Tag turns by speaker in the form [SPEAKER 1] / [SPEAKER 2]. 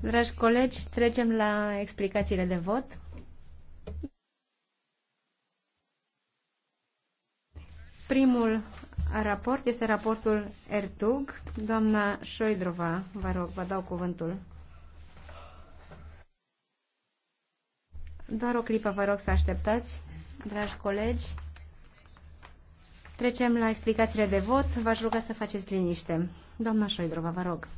[SPEAKER 1] Dragi
[SPEAKER 2] colegi, trecem la explicațiile de vot. Primul raport este raportul Ertug. Doamna Șoidrova, vă rog, vă dau cuvântul. Doar o clipă vă rog să așteptați, dragi colegi. Trecem la explicațiile de vot. V-aș ruga să faceți liniște. Doamna Șoidrova, vă rog.